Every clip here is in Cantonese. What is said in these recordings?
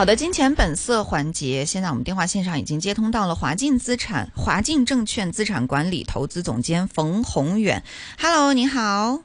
好的，金錢本色環節，現在我們電話線上已經接通到了華晉資產、華晉證券資產管理投資總監馮宏遠。哈嘍，l 你好。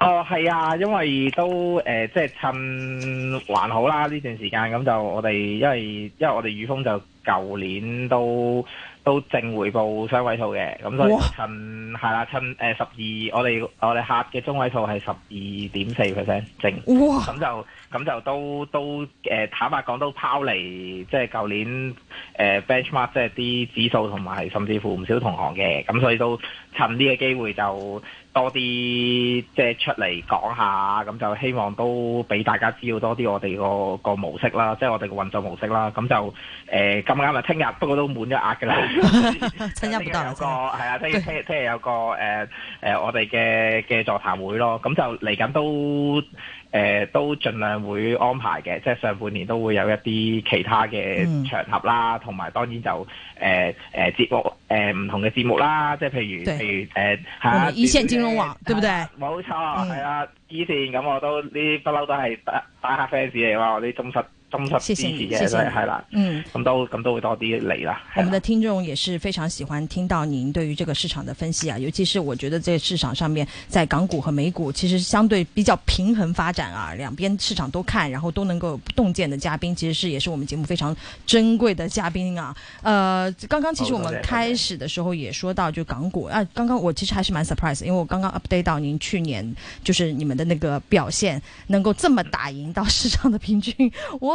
哦，係啊，因為都誒、呃，即係趁還好啦呢段時間，咁就我哋因為因為我哋宇峰就舊年都都正回報雙位數嘅，咁所以趁係啦哇、啊，趁誒十二，我哋我哋客嘅中位數係十二點四 percent 正，咁哇就咁就都都誒，坦白講都拋離即係舊年誒、呃、benchmark，即係啲指數同埋甚至乎唔少同行嘅，咁所以都趁呢個機會就。多啲即係出嚟講下，咁就希望都俾大家知道多啲我哋個個模式啦，即係我哋個運作模式啦。咁就誒咁啱啊，聽日不過都滿咗額噶啦。聽日有個係啊，聽日聽日有個誒誒我哋嘅嘅座談會咯。咁就嚟緊都誒都盡量會安排嘅，即係上半年都會有一啲其他嘅場合啦，同埋當然就誒誒節目誒唔同嘅節目啦。即係譬如譬如誒吓。嗯、對不對？冇錯，係啊！ 以前咁我都呢不嬲都係打打下 fans 嚟嘛，我啲忠實。謝謝，謝謝了。嘅咧，係啦，嗯，咁都咁都會多啲嚟啦。我們的聽眾也是非常喜歡聽到您對於這個市場的分析啊，尤其是我覺得這市場上面，在港股和美股其實相對比較平衡發展啊，兩邊市場都看，然後都能夠有洞見的嘉賓，其實是也是我們節目非常珍貴的嘉賓啊。呃，剛剛其實我們開始的時候也說到就港股啊，剛剛我其實還是蠻 surprise，因為我剛剛 update 到您去年就是你們的那個表現，能夠這麼打贏到市場的平均，我。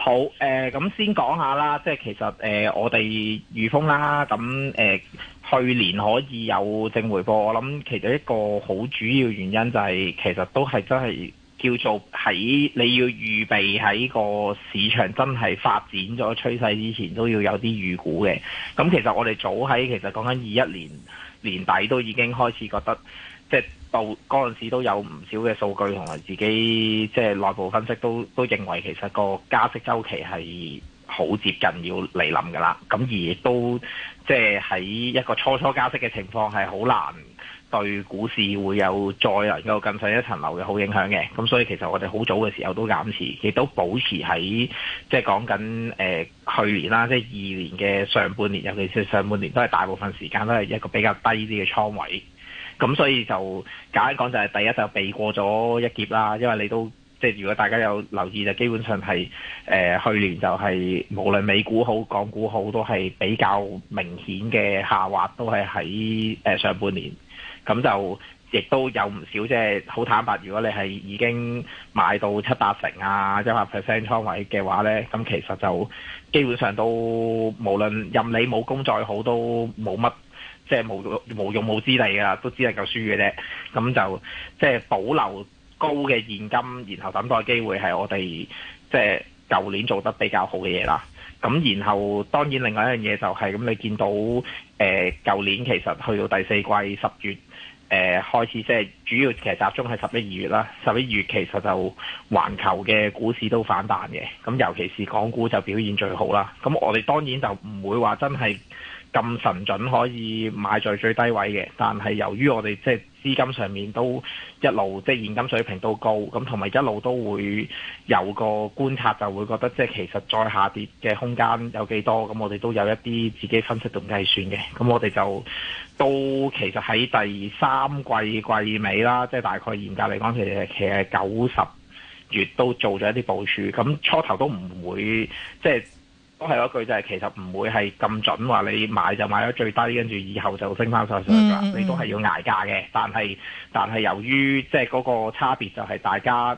好，誒、呃、咁先講下、呃、啦，即係其實誒我哋裕豐啦，咁、呃、誒去年可以有正回報，我諗其實一個好主要原因就係、是、其實都係真係叫做喺你要預備喺個市場真係發展咗趨勢之前都要有啲預估嘅，咁、嗯、其實我哋早喺其實講緊二一年年底都已經開始覺得即係。到嗰陣時都有唔少嘅數據同埋自己即係內部分析都都認為其實個加息週期係好接近要嚟臨㗎啦，咁而亦都即係喺一個初初加息嘅情況係好難對股市會有再能夠更上一層樓嘅好影響嘅，咁所以其實我哋好早嘅時候都減持，亦都保持喺即係講緊誒去年啦，即係二年嘅上半年，尤其是上半年都係大部分時間都係一個比較低啲嘅倉位。咁所以就簡單講就係第一就避過咗一劫啦，因為你都即係如果大家有留意就基本上係誒、呃、去年就係、是、無論美股好港股好都係比較明顯嘅下滑，都係喺誒上半年。咁就亦都有唔少即係好坦白，如果你係已經買到七八成啊、一百 percent 倉位嘅話呢，咁其實就基本上都無論任你武功再好都冇乜。即係冇冇用武之地㗎喇，都只能夠夠輸嘅啫。咁就即係保留高嘅現金，然後等待機會係我哋即係舊年做得比較好嘅嘢啦。咁然後當然另外一樣嘢就係、是、咁，你見到誒舊、呃、年其實去到第四季十月誒、呃、開始，即係主要其實集中係十一二月啦。十一二月其實就環球嘅股市都反彈嘅，咁尤其是港股就表現最好啦。咁我哋當然就唔會話真係。咁神準可以買在最低位嘅，但係由於我哋即係資金上面都一路即係、就是、現金水平都高，咁同埋一路都會有個觀察，就會覺得即係、就是、其實再下跌嘅空間有幾多，咁我哋都有一啲自己分析同計算嘅。咁我哋就都其實喺第三季季尾啦，即、就、係、是、大概嚴格嚟講，其實其實九十月都做咗一啲部署，咁初頭都唔會即係。就是都係嗰句就係、是、其實唔會係咁準，話你買就買咗最低，跟住以後就升翻上上、mm hmm. 你都係要捱價嘅。但係但係由於即係嗰個差別就係大家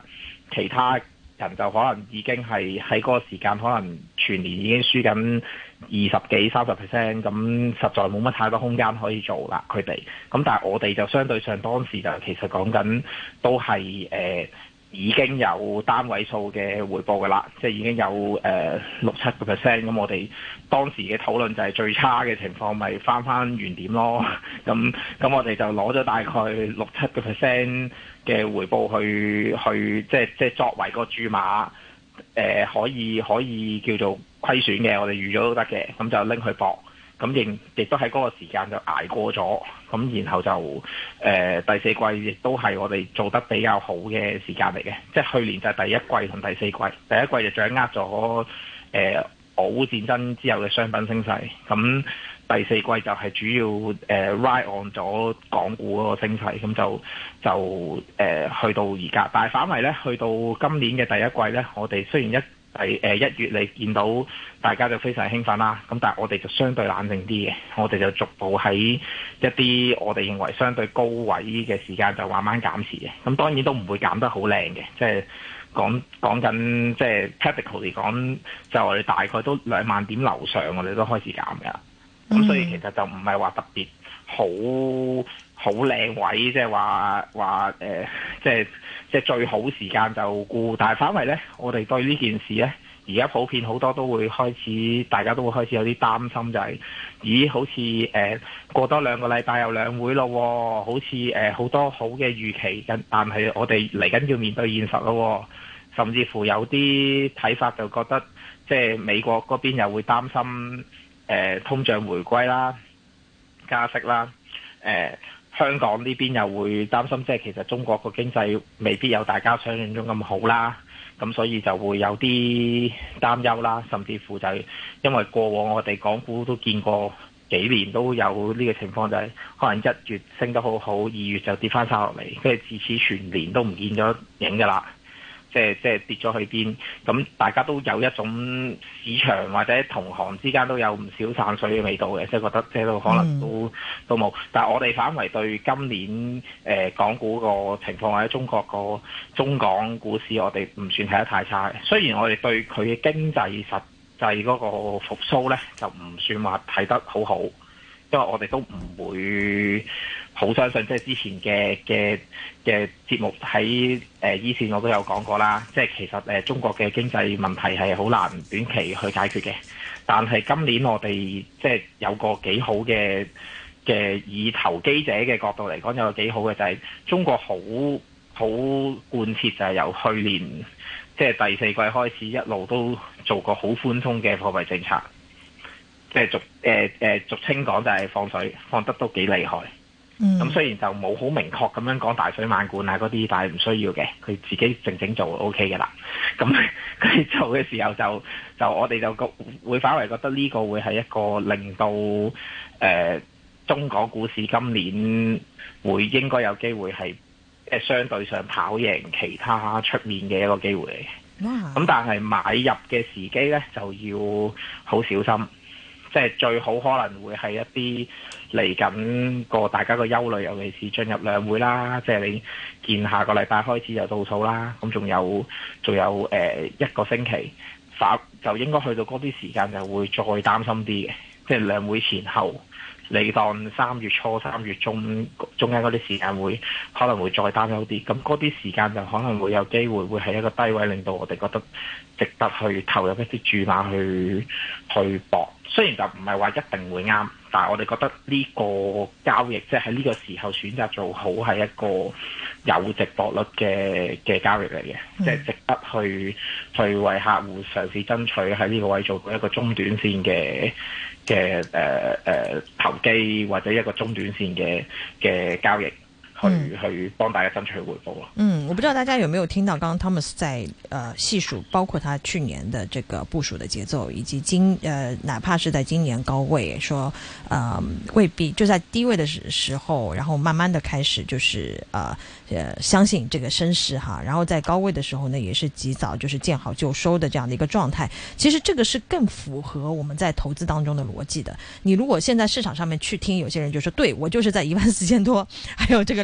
其他人就可能已經係喺嗰個時間可能全年已經輸緊二十幾三十 percent，咁實在冇乜太多空間可以做啦。佢哋咁，但係我哋就相對上當時就其實講緊都係誒。呃已經有單位數嘅回報㗎啦，即係已經有誒六七個 percent，咁我哋當時嘅討論就係最差嘅情況咪翻翻原點咯，咁咁我哋就攞咗大概六七個 percent 嘅回報去去，即係即係作為個注碼，誒、呃、可以可以叫做虧損嘅，我哋預咗都得嘅，咁就拎去博。咁亦亦都喺嗰個時間就捱過咗，咁、嗯、然後就誒、呃、第四季亦都係我哋做得比較好嘅時間嚟嘅，即係去年就係第一季同第四季，第一季就掌握咗誒俄烏戰爭之後嘅商品升勢，咁、嗯、第四季就係主要誒 ride on 咗港股嗰個升勢，咁、嗯、就就誒、呃、去到而家，但係反為咧去到今年嘅第一季咧，我哋雖然一係誒、呃、一月，你見到大家就非常興奮啦。咁但係我哋就相對冷靜啲嘅，我哋就逐步喺一啲我哋認為相對高位嘅時間就慢慢減持嘅。咁當然都唔會減得好靚嘅，即係講講緊即係 technical 嚟講，就係我哋大概都兩萬點樓上，我哋都開始減嘅啦。咁、mm hmm. 所以其實就唔係話特別好好靚位，即係話話誒，即係即係最好時間就沽。但係反為呢，我哋對呢件事呢，而家普遍好多都會開始，大家都會開始有啲擔心、就係，就係咦，好似誒、呃、過多兩個禮拜又兩會咯、哦，好似誒好多好嘅預期，但係我哋嚟緊要面對現實咯、哦，甚至乎有啲睇法就覺得，即、就、係、係、美國嗰邊又會擔心。誒通脹回歸啦，加息啦，誒、呃、香港呢邊又會擔心，即係其實中國個經濟未必有大家想像中咁好啦，咁所以就會有啲擔憂啦，甚至乎就係、是、因為過往我哋港股都見過幾年都有呢個情況，就係、是、可能一月升得好好，二月就跌翻晒落嚟，跟住自此全年都唔見咗影噶啦。即係即係跌咗去邊？咁大家都有一種市場或者同行之間都有唔少散水嘅味道嘅，即係覺得即係都可能都、嗯、都冇。但係我哋反為對今年誒、呃、港股個情況或者中國個中港股市，我哋唔算睇得太差。雖然我哋對佢嘅經濟實際嗰個復甦呢，就唔算話睇得好好。因為我哋都唔會好相信，即係之前嘅嘅嘅節目喺誒依線，呃、我都有講過啦。即係其實誒、呃、中國嘅經濟問題係好難短期去解決嘅。但係今年我哋即係有個幾好嘅嘅以投機者嘅角度嚟講，有個幾好嘅就係、是、中國好好貫徹就係由去年即係第四季開始，一路都做過好寬鬆嘅貨幣政策。即係俗誒誒俗稱講就係放水，放得都幾厲害。咁、嗯、雖然就冇好明確咁樣講大水漫灌啊嗰啲，但係唔需要嘅，佢自己靜靜做就 O K 嘅啦。咁、嗯、佢做嘅時候就就我哋就覺會反為覺得呢個會係一個令到誒、呃、中港股市今年會應該有機會係誒相對上跑贏其他出面嘅一個機會嚟嘅。咁、啊、但係買入嘅時機咧就要好小心。即係最好可能會係一啲嚟緊個大家嘅憂慮，尤其是進入兩會啦。即係你見下個禮拜開始就倒數啦。咁仲有仲有誒、呃、一個星期，就應該去到嗰啲時間就會再擔心啲嘅。即係兩會前後，你當三月初、三月中中間嗰啲時間會可能會再擔憂啲。咁嗰啲時間就可能會有機會會係一個低位，令到我哋覺得值得去投入一啲注碼去去博。雖然就唔係話一定會啱，但係我哋覺得呢個交易即係喺呢個時候選擇做好係一個有值博率嘅嘅交易嚟嘅，即係、嗯、值得去去為客戶嘗試爭取喺呢個位做一個中短線嘅嘅誒誒投機或者一個中短線嘅嘅交易。去去幫大家爭取回報啊。嗯，嗯，我不知道大家有沒有聽到剛剛湯姆斯在呃細數，包括他去年的這個部署的節奏，以及今呃哪怕是在今年高位，說，嗯、呃、未必就在低位的時時候，然後慢慢的開始就是呃呃相信這個升市哈，然後在高位的時候呢，也是及早就是見好就收的這樣的一個狀態。其實這個是更符合我們在投資當中的邏輯的。你如果現在市場上面去聽，有些人就說，對，我就是在一萬四千多，還有這個。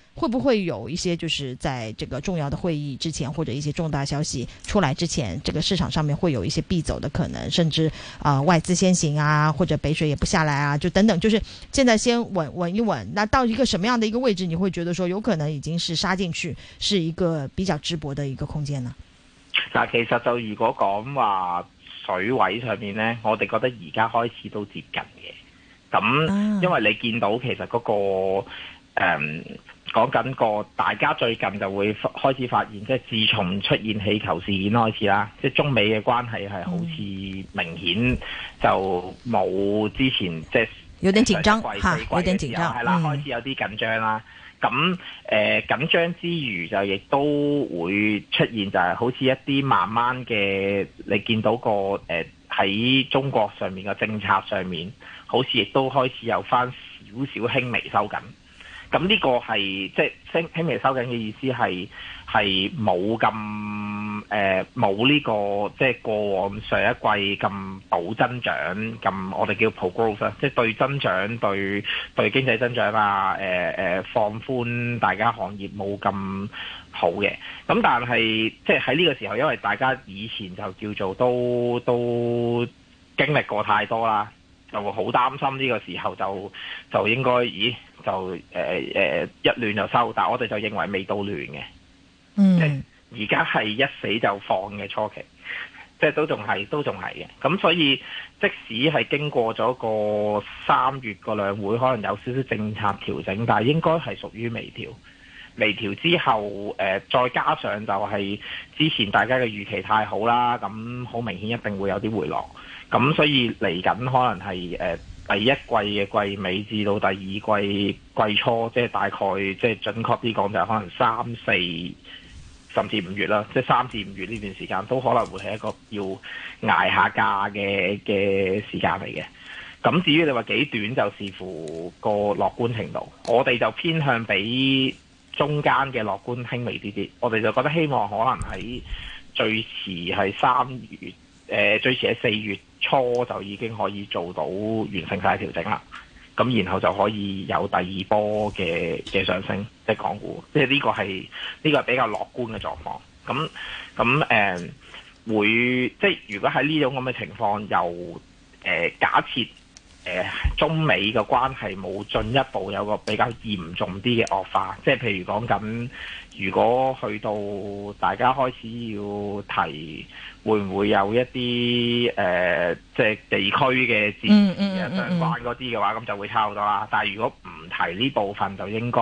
會不會有一些就是在這個重要的會議之前或者一些重大消息出來之前，這個市場上面會有一些必走的可能，甚至啊、呃、外資先行啊或者北水也不下來啊，就等等，就是現在先穩穩一穩。那到一個什麼樣的一個位置，你會覺得說有可能已經是殺進去，是一個比較值博的一個空間呢？嗱，其實就如果講話水位上面呢，我哋覺得而家開始都接近嘅，咁、啊、因為你見到其實嗰、那個誒。嗯講緊個大家最近就會開始發現，即係自從出現氣球事件開始啦，即係中美嘅關係係好似明顯就冇之前、嗯、即係。有點緊張嚇，有點緊張係啦，開始有啲緊張啦。咁誒、呃、緊張之餘就亦都會出現，就係好似一啲慢慢嘅你見到個誒喺中國上面嘅政策上面，好似亦都開始有返少少輕微收緊。咁呢個係即係輕輕微收緊嘅意思係係冇咁誒冇呢個即係過往上一季咁保增長咁我哋叫 progrowth 即係對增長對對經濟增長啊誒誒放寬大家行業冇咁好嘅，咁但係即係喺呢個時候，因為大家以前就叫做都都經歷過太多啦，就會好擔心呢個時候就就應該咦？就誒誒、呃呃、一亂就收，但係我哋就認為未到亂嘅，嗯、即而家係一死就放嘅初期，即係都仲係都仲係嘅。咁所以即使係經過咗個三月個兩會，可能有少少政策調整，但係應該係屬於微調。微調之後，誒、呃、再加上就係之前大家嘅預期太好啦，咁好明顯一定會有啲回落。咁所以嚟緊可能係誒、呃第一季嘅季尾至到第二季季初，即係大概，即係準確啲講就係可能三四甚至五月啦，即係三至五月呢段時間都可能會係一個要挨下價嘅嘅時間嚟嘅。咁至於你話幾短，就視乎個樂觀程度。我哋就偏向比中間嘅樂觀輕微啲啲，我哋就覺得希望可能喺最遲係三月，誒、呃，最遲係四月。初就已經可以做到完成晒調整啦，咁然後就可以有第二波嘅嘅上升，即係港股，即係呢個係呢個比較樂觀嘅狀況。咁咁誒會，即係如果喺呢種咁嘅情況，又誒、呃、假設。誒、呃，中美嘅關係冇進一步有個比較嚴重啲嘅惡化，即係譬如講緊，如果去到大家開始要提，會唔會有一啲誒、呃，即係地區嘅事相關嗰啲嘅話，咁就會差唔多啦。但係如果唔提呢部分，就應該。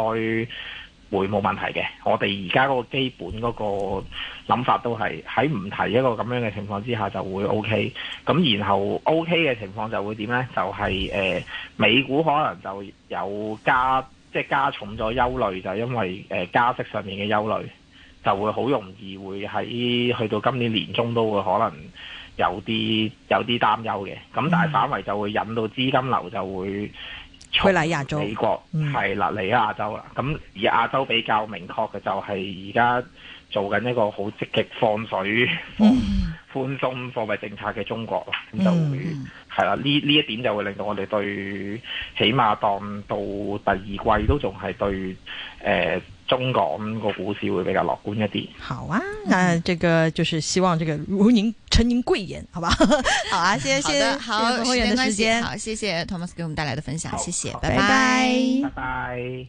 會冇問題嘅，我哋而家嗰個基本嗰個諗法都係喺唔提一個咁樣嘅情況之下就會 OK，咁然後 OK 嘅情況就會點呢？就係、是、誒、呃、美股可能就有加，即係加重咗憂慮，就因為誒、呃、加息上面嘅憂慮，就會好容易會喺去到今年年中都會可能有啲有啲擔憂嘅，咁但係反為就會引到資金流就會。嗯去嚟亞、嗯、亞洲，美國係啦嚟咗亞洲啦。咁而亞洲比較明確嘅就係而家做緊一個好積極放水、放寬鬆、鬆貨幣政策嘅中國啦。咁、嗯、就會係啦，呢呢一點就會令到我哋對起碼當到第二季都仲係對誒。呃中港個股市會比較樂觀一啲。好啊，那、嗯呃、這個就是希望這個如您承您貴言，好吧？ 好啊，先好的先好，多謝時間，好，謝謝 Thomas 給我們帶來的分享，好謝謝，拜拜，拜拜。